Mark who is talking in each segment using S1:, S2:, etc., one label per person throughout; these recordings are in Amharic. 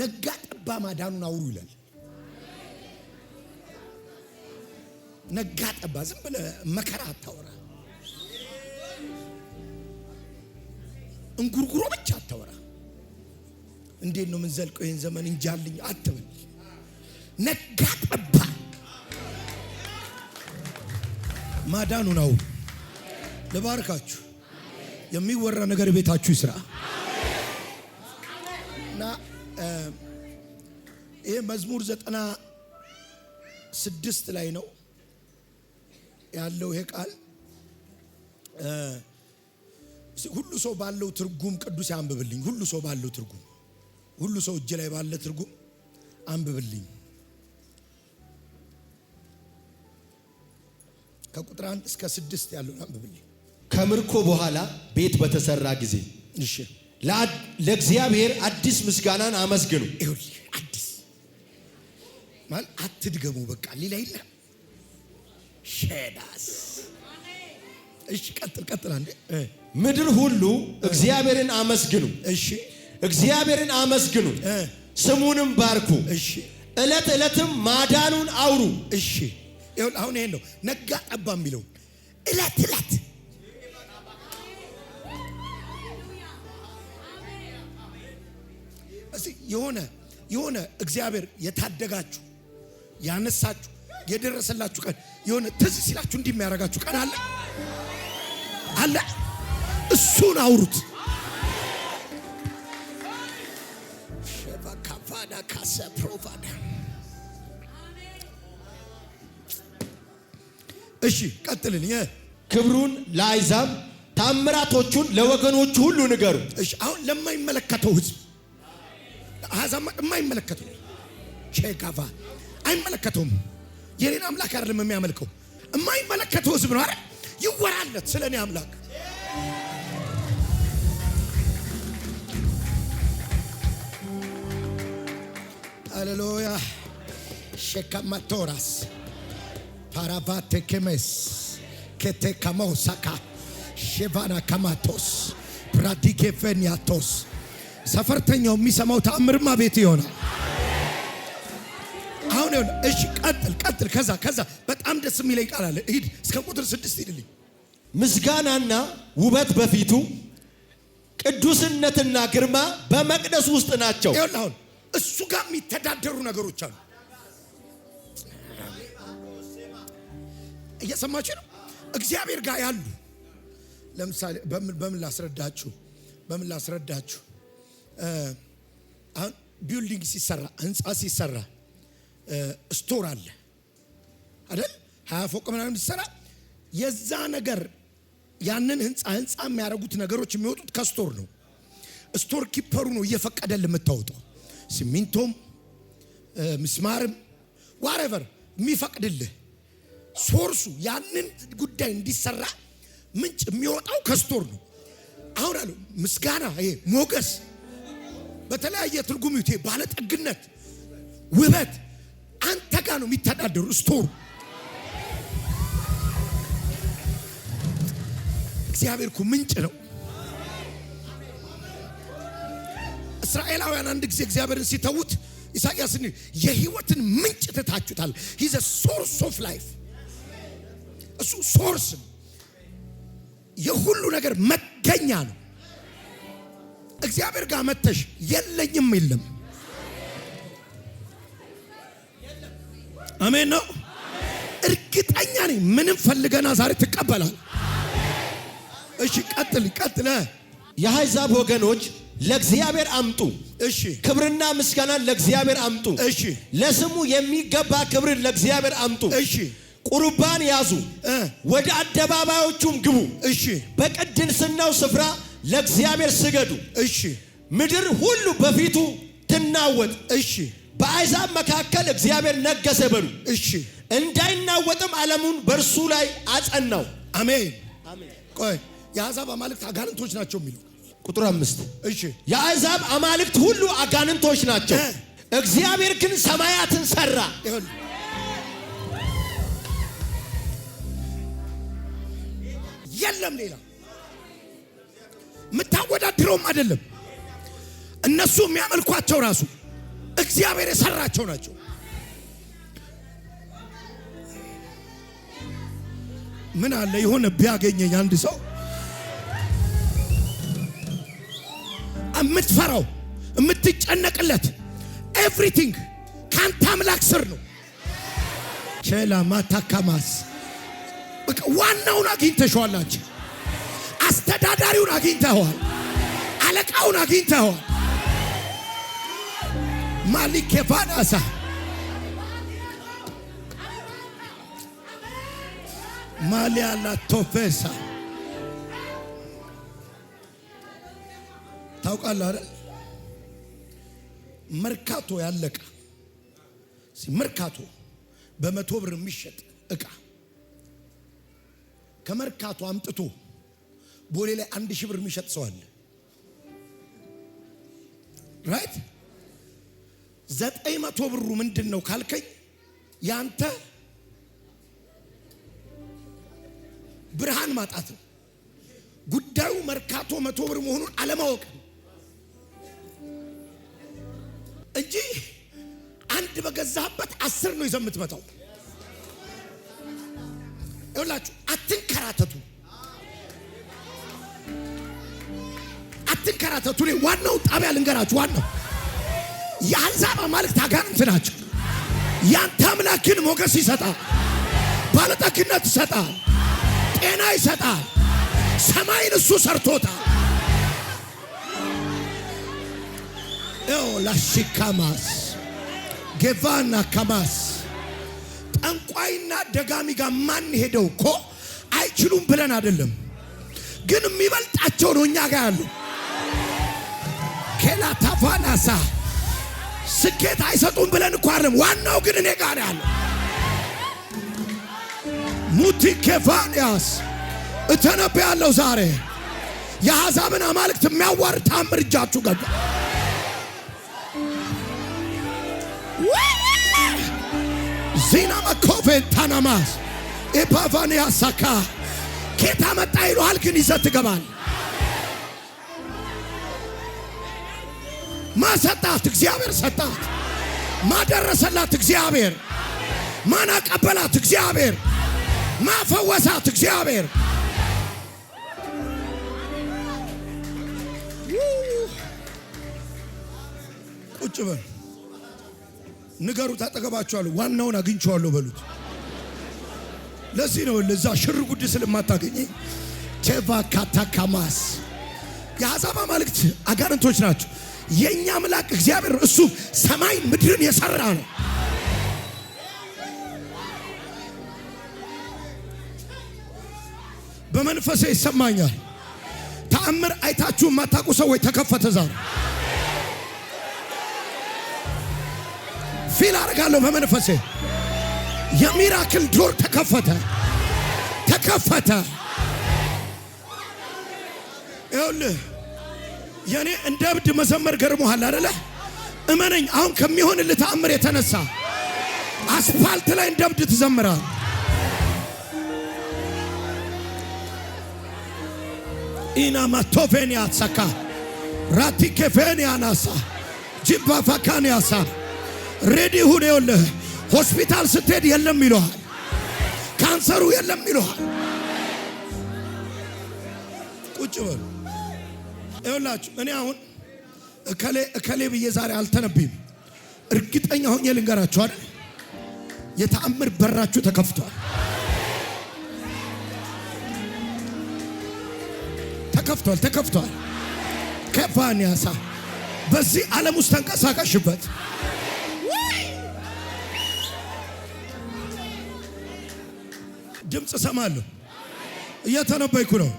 S1: ነጋ ጠባ ማዳኑን አውሩ ይላል። ነጋ ጠባ ዝም ብለህ መከራ አታወራ፣ እንጉርጉሮ ብቻ አታወራ። እንዴት ነው የምንዘልቀው ይህን ዘመን እንጃልኝ አትበል። ነጋ ጠባ ማዳኑን አውሩ። ልባርካችሁ። የሚወራ ነገር ቤታችሁ ይስራ። መዝሙር ዘጠና ስድስት ላይ ነው ያለው ይሄ ቃል። ሁሉ ሰው ባለው ትርጉም ቅዱስ አንብብልኝ ሁሉ ሰው ባለው ትርጉም ሁሉ ሰው እጅ ላይ ባለ ትርጉም አንብብልኝ። ከቁጥር አንድ እስከ ስድስት ያለውን አንብብልኝ።
S2: ከምርኮ በኋላ ቤት በተሰራ ጊዜ ለእግዚአብሔር አዲስ ምስጋናን አመስግኑ።
S1: ማለት አትድገሙ፣ በቃ ሌላ የለም። ሸዳስ እሺ፣ ቀጥል ቀጥል። አንዴ
S2: ምድር ሁሉ እግዚአብሔርን አመስግኑ። እሺ፣ እግዚአብሔርን አመስግኑ፣ ስሙንም ባርኩ። እሺ፣ እለት እለትም ማዳኑን አውሩ።
S1: እሺ፣ አሁን ይሄን ነው ነጋ ጠባ የሚለው እለት እለት የሆነ የሆነ እግዚአብሔር የታደጋችሁ ያነሳችሁ የደረሰላችሁ ቀን የሆነ ትዝ ሲላችሁ እንዲህ የሚያደርጋችሁ ቀን አለ አለ። እሱን አውሩት። ሸቫካቫዳ ካሰ ፕሮቫዳ እሺ፣ ቀጥልን።
S2: ክብሩን ለአሕዛብ ታምራቶቹን ለወገኖቹ ሁሉ ንገሩ።
S1: እሺ፣ አሁን ለማይመለከተው ህዝብ አሕዛብ የማይመለከተው ቼጋቫ አይመለከተውም። የኔን አምላክ አይደለም የሚያመልከው፣ የማይመለከተው ህዝብ ነው። አረ ይወራለት ስለ እኔ አምላክ ሃሌሉያ ሸከማቶራስ ፓራቫቴኬሜስ ኬቴካሞሳካ ሼቫና ከማቶስ ብራዲጌቬንያቶስ ሰፈርተኛው የሚሰማው ተአምርማ ቤት ይሆናል። አሁን ሆነ። እሺ ቀጥል ቀጥል። ከዛ ከዛ በጣም ደስ የሚለኝ ቃል አለ። ሂድ እስከ ቁጥር ስድስት ሂድልኝ።
S2: ምስጋናና ውበት በፊቱ ቅዱስነትና ግርማ በመቅደስ ውስጥ ናቸው።
S1: ይኸውልህ አሁን እሱ ጋር የሚተዳደሩ ነገሮች አሉ። እየሰማችሁ ነው። እግዚአብሔር ጋር ያሉ ለምሳሌ በምን ላስረዳችሁ፣ በምን ላስረዳችሁ። አሁን ቢልዲንግ ሲሰራ ህንፃ ሲሰራ ስቶር አለ አይደል? ሀያ ፎቅ ምናምን ሲሰራ የዛ ነገር ያንን ህንፃ ህንፃ የሚያደርጉት ነገሮች የሚወጡት ከስቶር ነው። ስቶር ኪፐሩ ነው እየፈቀደልህ የምታወጣው ሲሚንቶም፣ ምስማርም ዋሬቨር የሚፈቅድልህ ሶርሱ ያንን ጉዳይ እንዲሰራ ምንጭ የሚወጣው ከስቶር ነው። አሁን አለ ምስጋና፣ ይሄ ሞገስ፣ በተለያየ ትርጉም ይሁት ባለጠግነት፣ ውበት አንተ ጋር ነው የሚተዳደሩ። ስቶሩ እግዚአብሔር እኮ ምንጭ ነው። እስራኤላውያን አንድ ጊዜ እግዚአብሔርን ሲተዉት ኢሳያስን የህይወትን ምንጭ ትታችሁታል። ሂዘ ሶርስ ኦፍ ላይፍ እሱ ሶርስ የሁሉ ነገር መገኛ ነው። እግዚአብሔር ጋር መተሽ የለኝም የለም አሜን ነው። እርግጠኛ ነኝ ምንም ፈልገና ዛሬ ትቀበላል። እሺ ቀጥል ቀጥለ
S2: የአሕዛብ ወገኖች ለእግዚአብሔር አምጡ። እሺ ክብርና ምስጋናን ለእግዚአብሔር አምጡ። እሺ ለስሙ የሚገባ ክብርን ለእግዚአብሔር አምጡ። እሺ ቁርባን ያዙ፣ ወደ አደባባዮቹም ግቡ። እሺ በቅድስናው ስፍራ ለእግዚአብሔር ስገዱ። እሺ ምድር ሁሉ በፊቱ ትናወጥ። እሺ በአሕዛብ መካከል እግዚአብሔር ነገሰ በሉ። እሺ እንዳይናወጥም ዓለሙን በእርሱ ላይ አጸናው።
S1: አሜን። ቆይ የአሕዛብ አማልክት አጋንንቶች ናቸው የሚሉ ቁጥር አምስት እሺ
S2: የአሕዛብ አማልክት ሁሉ አጋንንቶች ናቸው፣ እግዚአብሔር ግን ሰማያትን ሠራ።
S1: የለም ሌላ የምታወዳድረውም አይደለም እነሱ የሚያመልኳቸው ራሱ እግዚአብሔር የሰራቸው ናቸው። ምን አለ የሆነ ቢያገኘኝ አንድ ሰው የምትፈራው የምትጨነቅለት ኤቭሪቲንግ ከአንተ አምላክ ስር ነው። ቸላ ማታካማስ ዋናውን አግኝተሸዋል። አስተዳዳሪውን አግኝተኸዋል። አለቃውን አግኝተኸዋል። ማሊኬቫናሳ ማሊያላ ቶፌሳ ታውቃለህ አይደል? መርካቶ ያለቃ መርካቶ በመቶ ብር የሚሸጥ እቃ ከመርካቶ አምጥቶ ቦሌ ላይ አንድ ሺህ ብር የሚሸጥ ሰው አለ። ራይት ዘጠኝ መቶ ብሩ ምንድን ነው ካልከኝ ያንተ ብርሃን ማጣት ነው። ጉዳዩ መርካቶ መቶ ብር መሆኑን አለማወቅ ነው እንጂ አንድ በገዛህበት አስር ነው ይዘህ የምትመጣው። ይኸውላችሁ አትንከራተቱ፣ አትንከራተቱ። ዋናው ጣቢያ ልንገራችሁ ዋናው የአሕዛብ አማልክት አጋንንት ናቸው። ያንተ አምላክ ግን ሞገስ ይሰጣል፣ ባለጠግነት ይሰጣል፣ ጤና ይሰጣል። ሰማይን እሱ ሰርቶታል። ላሽካማስ ጌቫና ካማስ ጠንቋይና ደጋሚ ጋር ሄደው እኮ አይችሉም ብለን አይደለም፣ ግን የሚበልጣቸው ነው እኛ ጋር ያሉ ኬላታፋናሳ ስኬት አይሰጡም ብለን እኮ አይደለም። ዋናው ግን እኔ ጋር ያለ እተነብ ያለው ዛሬ የአሕዛብን አማልክት የሚያዋርድ ታምር እጃችሁ ገባ። ዜና መኮፌን ታናማስ ኤፓፋንያስ ሳካ ኬታ መጣ ይሉሃል፣ ግን ይዘት ትገባል ማሰጣት እግዚአብሔር ሰጣት። ማደረሰላት? እግዚአብሔር። ማን አቀበላት? እግዚአብሔር። ማፈወሳት? እግዚአብሔር። ቁጭ በል ንገሩ፣ አጠገባችኋለሁ። ዋናውን አግኝቼዋለሁ በሉት። ለዚህ ነው ለዛ ሽር ጉድ ስለማታገኘ ቴቫ ካታካማስ የአሕዛብ አማልክት አጋንንቶች ናቸው። የእኛ አምላክ እግዚአብሔር እሱ ሰማይ ምድርን የሰራ ነው። በመንፈሴ ይሰማኛል። ተአምር አይታችሁ ማታውቁ ሰዎች ተከፈተ ዛሬ ፊል አደርጋለሁ። በመንፈሴ የሚራክል ዶር ተከፈተ ተከፈተ። ይኸውልህ የኔ እንደ እብድ መዘመር ገርሞሃል አይደለ? እመነኝ፣ አሁን ከሚሆን ተአምር የተነሳ አስፋልት ላይ እንደ እብድ ትዘምራል። ኢናማቶፌን ያሳካ ራቲኬፌን ያናሳ ጅባ ያሳ ሬዲ ሁን። ይኸውልህ ሆስፒታል ስትሄድ የለም ይለሃል፣ ካንሰሩ የለም ይለሃል። ቁጭ በሉ ይኸውላችሁ እኔ አሁን እከሌ እከሌ ብዬ ዛሬ አልተነብይም። እርግጠኛ ሆኜ ልንገራችሁ አይደል የተአምር በራችሁ ተከፍቷል። ተከፍቷል። ተከፍቷል። ከፋንያሳ በዚህ ዓለም ውስጥ ተንቀሳቀሽበት ድምፅ ሰማለሁ። እየተነበይኩ ነው።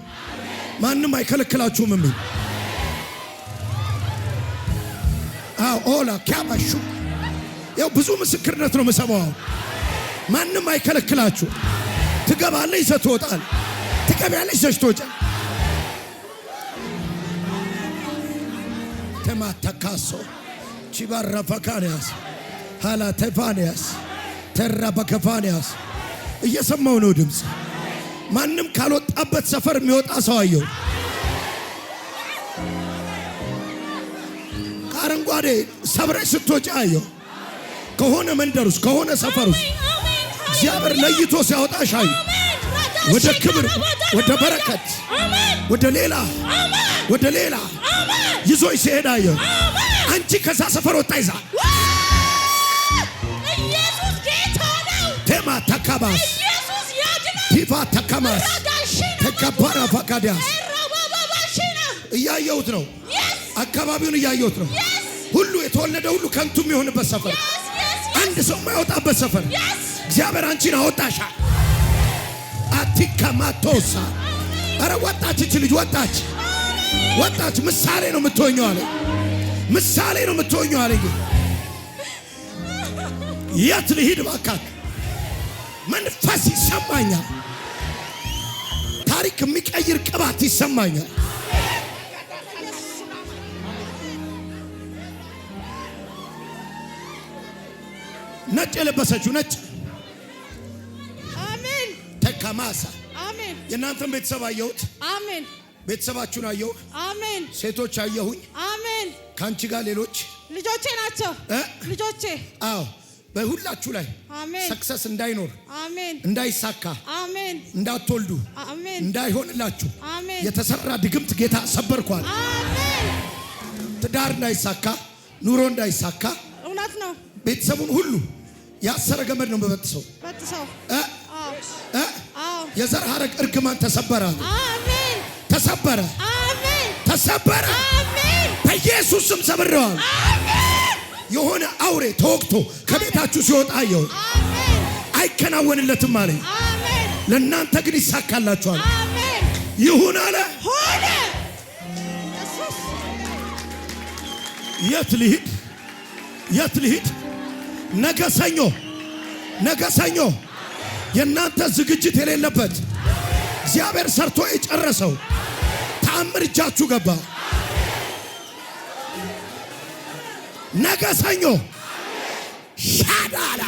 S1: ማንም አይከለክላችሁም የሚል ኦላ ኪያባሹ ያው ብዙ ምስክርነት ነው የምሰማው። ማንም አይከለክላችሁ። ትገባለህ፣ ይዘህ ትወጣለህ። ትገቢያለሽ፣ ይዘሽ ትወጫለሽ። ሃላ ቺባራፋካንያስ ተራ ተራበከፋንያስ እየሰማው ነው ድምፅ። ማንም ካልወጣበት ሰፈር የሚወጣ ሰው አየሁ። ዛሬ ሰብረሽ ስትወጪ አየሁ። ከሆነ መንደር ውስጥ ከሆነ ሰፈር ውስጥ እግዚአብሔር ለይቶ ሲያወጣሽ አየሁ። ወደ ክብር፣ ወደ በረከት፣ ወደ ሌላ ወደ ሌላ ይዞሽ ሲሄድ አየሁ። አንቺ ከዛ ሰፈር ወጣ ይዛ ቴማ ተካባስ ቲፋ ተካማስ ተካባራ ፈቃዳስ እያየሁት ነው። አካባቢውን እያየሁት ነው። ሁሉ የተወለደ ሁሉ ከንቱ የሚሆንበት ሰፈር፣ አንድ ሰው የማይወጣበት ሰፈር እግዚአብሔር አንቺን አወጣሻ። አቲከማቶሳ አረ ወጣች፣ እች ልጅ ወጣች፣ ወጣች። ምሳሌ ነው የምትሆኘው አለ። ምሳሌ ነው የምትሆኘው አለ። የት ልሂድ ባካት? መንፈስ ይሰማኛል። ታሪክ የሚቀይር ቅባት ይሰማኛል። ነጭ የለበሰችው ነጭ አሜን። ተካማሳ አሜን። የእናንተን ቤተሰብ አየሁት። አሜን። ቤተሰባችሁን አየሁ። አሜን። ሴቶች አየሁኝ። አሜን። ከአንቺ ጋር ሌሎች
S3: ልጆቼ ናቸው። ልጆቼ
S1: አዎ በሁላችሁ ላይ ሰክሰስ እንዳይኖር እንዳይሳካ እንዳትወልዱ እንዳይሆንላችሁ የተሰራ ድግምት ጌታ ሰበርኳል። ትዳር እንዳይሳካ ኑሮ እንዳይሳካ እውነት ነው። ቤተሰቡን ሁሉ ያሰረ ገመድ ነው በበጥሰው በጥሰው የዘር ሐረግ እርግማን ተሰበረ።
S3: አሜን። ተሰበረ። አሜን። ተሰበረ። አሜን።
S1: በኢየሱስ ስም ሰብረዋል።
S3: አሜን።
S1: የሆነ አውሬ ተወቅቶ ከቤታችሁ ሲወጣ አየሁ። አሜን። አይከናወንለትም አለኝ። አሜን። ለእናንተ ግን ይሳካላችኋል። አሜን። ይሁን አለ ሆነ። የት ልሂድ? የት ልሂድ? ነገ ሰኞ ነገ ሰኞ የእናንተ ዝግጅት የሌለበት እግዚአብሔር ሰርቶ የጨረሰው ተአምር እጃችሁ ገባ። ነገ ሰኞ ሻዳላ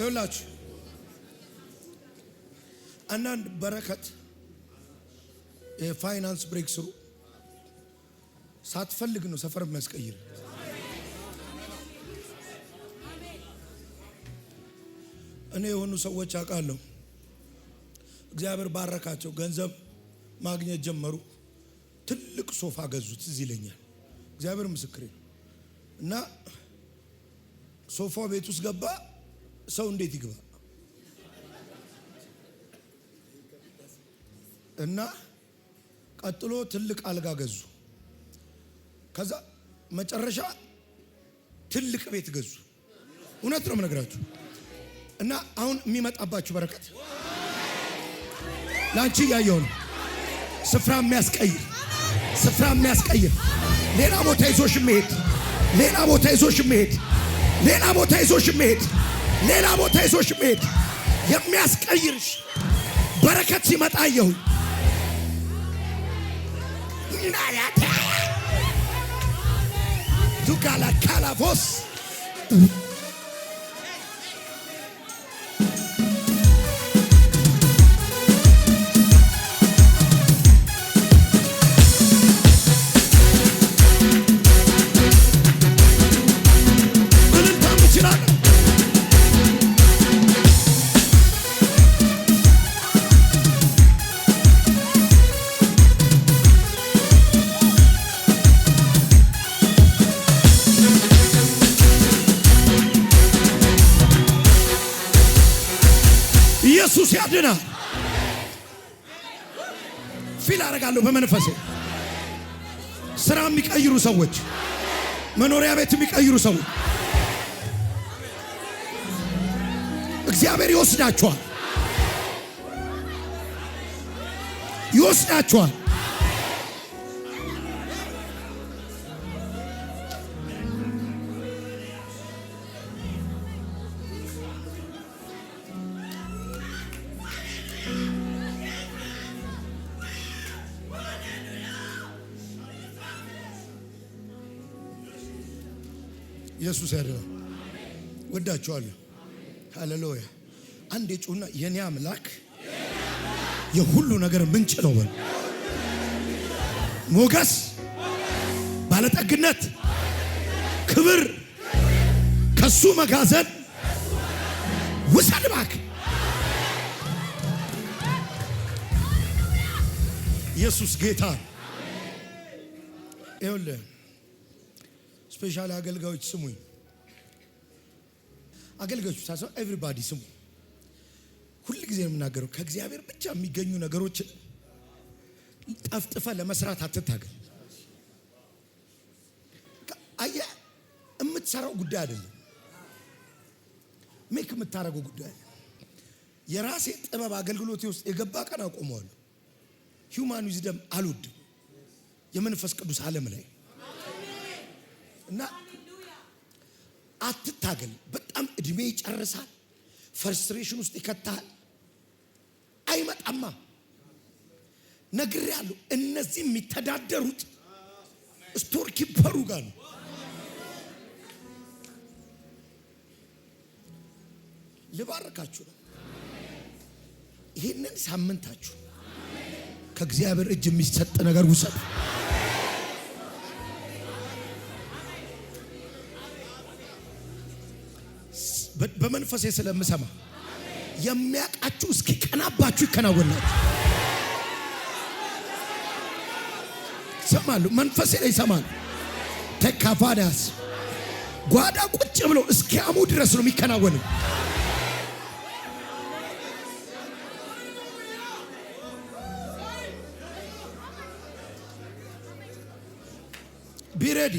S1: ይውላችሁ አንዳንድ በረከት የፋይናንስ ብሬክ ስሩ ሳትፈልግ ነው ሰፈር የሚያስቀይር። እኔ የሆኑ ሰዎች አውቃለሁ። እግዚአብሔር ባረካቸው፣ ገንዘብ ማግኘት ጀመሩ። ትልቅ ሶፋ ገዙት። እዚህ ይለኛል እግዚአብሔር ምስክሬ ነው። እና ሶፋው ቤት ውስጥ ገባ። ሰው እንዴት ይግባ እና ቀጥሎ ትልቅ አልጋ ገዙ። ከዛ መጨረሻ ትልቅ ቤት ገዙ። እውነት ነው የምነግራችሁ። እና አሁን የሚመጣባችሁ በረከት ለአንቺ እያየሁ ነው። ስፍራ የሚያስቀይር ስፍራ የሚያስቀይር ሌላ ቦታ ይዞሽ መሄድ ሌላ ቦታ ይዞሽ መሄድ ሌላ ቦታ ይዞሽ መሄድ ሌላ ቦታ ይዞሽ መሄድ የሚያስቀይርሽ በረከት ሲመጣ አየሁኝ። Tukala Kalavos. ኢየሱስ ያድናል። ፊል አደርጋለሁ በመንፈሴ ስራ የሚቀይሩ ሰዎች፣ መኖሪያ ቤት የሚቀይሩ ሰዎች እግዚአብሔር ይወስዳቸዋል፣ ይወስዳቸዋል። ኢየሱስ ያድናል። ወዳችኋለሁ። ሃሌሉያ። አንድ የጩና የኔ አምላክ የሁሉ ነገር ምንጭ ነው። በል ሞገስ፣ ባለጠግነት፣ ክብር ከሱ መጋዘን ውሰድ እባክህ። ኢየሱስ ጌታ ይኸውልህ ስፔሻል አገልጋዮች ስሙኝ። አገልጋዮች ብቻ ሳይሆን ኤቭሪባዲ ስሙ። ሁል ጊዜ የምናገረው፣ ከእግዚአብሔር ብቻ የሚገኙ ነገሮችን ጠፍጥፈ ለመስራት አትታገል። አየህ፣ የምትሰራው ጉዳይ አይደለም፣ ሜክ የምታደርገው ጉዳይ የራሴ ጥበብ አገልግሎት ውስጥ የገባ ቀን አቆመዋለሁ። ሂውማን ዊዝደም አልወድም። የመንፈስ ቅዱስ ዓለም ላይ እና አትታገል። በጣም እድሜ ይጨርሳል። ፍርስትሬሽን ውስጥ ይከታል። አይመጣማ። ያሉ እነዚህ የሚተዳደሩት ስቶር ኪፐሩ ጋር ነው። ልባርካችሁ ነው። ይህንን ሳምንታችሁ ከእግዚአብሔር እጅ የሚሰጥ ነገር ውሰዱ። በመንፈሴ ስለምሰማ የሚያውቃችሁ እስኪ ቀናባችሁ ይከናወናችሁ። ይሰማሉ፣ መንፈሴ ላይ ይሰማሉ። ተካፋዳስ ጓዳ ቁጭ ብሎ እስኪ አሙ ድረስ ነው የሚከናወነው። ቢረዲ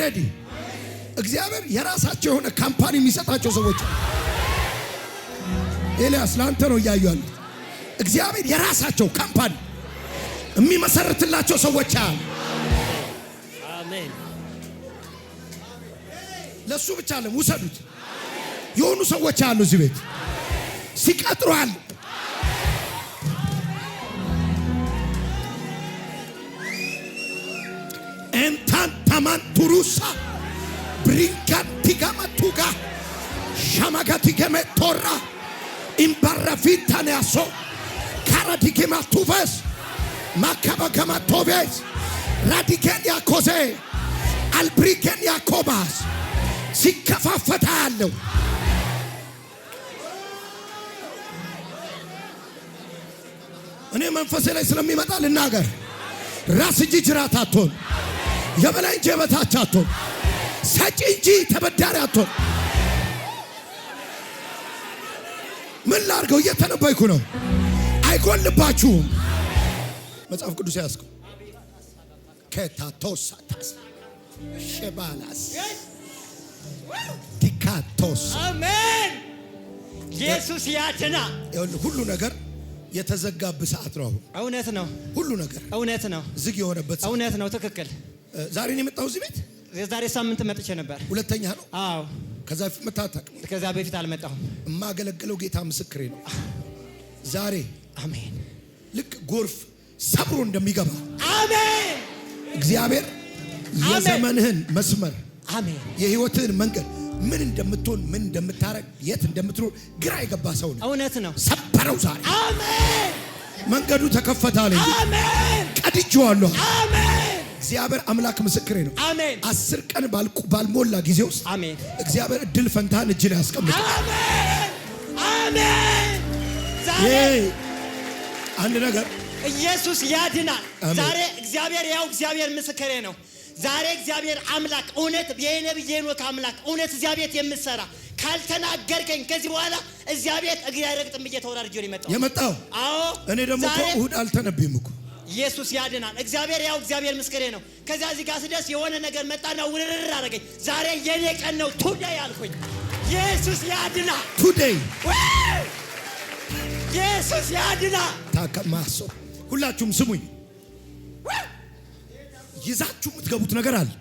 S1: አይረዲ እግዚአብሔር የራሳቸው የሆነ ካምፓኒ የሚሰጣቸው ሰዎች ኤልያስ ለአንተ ነው እያዩ ያሉት። እግዚአብሔር የራሳቸው ካምፓኒ የሚመሰርትላቸው ሰዎች አሉ። ለእሱ ብቻ አለም ውሰዱት። የሆኑ ሰዎች አሉ እዚህ ቤት ሲቀጥሩ አሉ። ኤንታን ታማንቱሩሳ ብሪንጋንቲጋመቱጋ ሻማጋቲገሜቶራ ኢምባረፊንታንያሶ ካራዲጌማቱቬስ ማካባገማቶቬስ ራዲጌን ያኮዜ አልብሪጌን ያኮባስ ሲከፋፈታ ያለው እኔ መንፈሴ ላይ ስለሚመጣ ልናገር ራስ እጅ ጅራት አትሆን የበላይ እንጂ የበታች አትሆን፣ ሰጪ እንጂ ተበዳሪ አትሆን። ምን ላርገው? እየተነበይኩ ነው። አይጎልባችሁም። መጽሐፍ ቅዱስ ያስኩ ከታቶሳታስ ሸባላስ ዲካቶስ
S3: አሜን። ኢየሱስ ያድና።
S1: ሁሉ ነገር የተዘጋብ ሰዓት ነው። እውነት ነው። ሁሉ ነገር እውነት ነው። ዝግ የሆነበት
S3: እውነት ነው። ትክክል
S1: ዛሬ ነው የመጣው እዚህ ቤት?
S3: የዛሬ ሳምንት መጥቼ ነበር። ሁለተኛ ነው? አዎ። ከዛ በፊት መጣህ ከዛ በፊት አልመጣሁም።
S1: የማገለግለው ጌታ ምስክሬ ነው። ዛሬ አሜን። ልክ ጎርፍ ሰብሮ እንደሚገባ
S3: አሜን።
S1: እግዚአብሔር የዘመንህን መስመር አሜን፣ የህይወትህን መንገድ ምን እንደምትሆን ምን እንደምታረግ የት እንደምትኖር ግራ የገባ ሰው ነው። እውነት ነው። ሰበረው ዛሬ
S3: አሜን።
S1: መንገዱ ተከፈታለ።
S3: አሜን።
S1: ቀድጄዋለሁ። አሜን መንገዱ ተከፈታል። አሜን ቀድጄዋለሁ አሜን እግዚአብሔር አምላክ ምስክሬ ነው። አሜን። አስር ቀን ባልሞላ ጊዜ ውስጥ አሜን፣ እግዚአብሔር እድል ፈንታህን እጅ ላይ ያስቀምጣል።
S3: አሜን፣ አሜን።
S1: ዛሬ አንድ ነገር
S3: ኢየሱስ ያድናል። ዛሬ እግዚአብሔር ያው እግዚአብሔር ምስክሬ ነው። ዛሬ እግዚአብሔር አምላክ እውነት የኔ ብዬ አምላክ እውነት እግዚአብሔር የምትሰራ ካልተናገርከኝ ከዚህ በኋላ እግዚአብሔር እግሬ አይረግጥም ብዬ ተወራርጄ ነው የመጣው የመጣው። አዎ
S1: እኔ ደግሞ እኮ እሑድ አልተነብይም እኮ
S3: ኢየሱስ ያድናል። እግዚአብሔር ያው እግዚአብሔር ምስክሬ ነው። ከዚያ እዚህ ጋር ስደርስ የሆነ ነገር መጣና ውርር አደረገኝ። ዛሬ የኔ ቀን ነው። ቱዴይ አልኩኝ። ኢየሱስ ያድናል። ቱዴይ ኢየሱስ ያድናል።
S1: ታከማሶ ሁላችሁም ስሙኝ። ይዛችሁ የምትገቡት ነገር አለ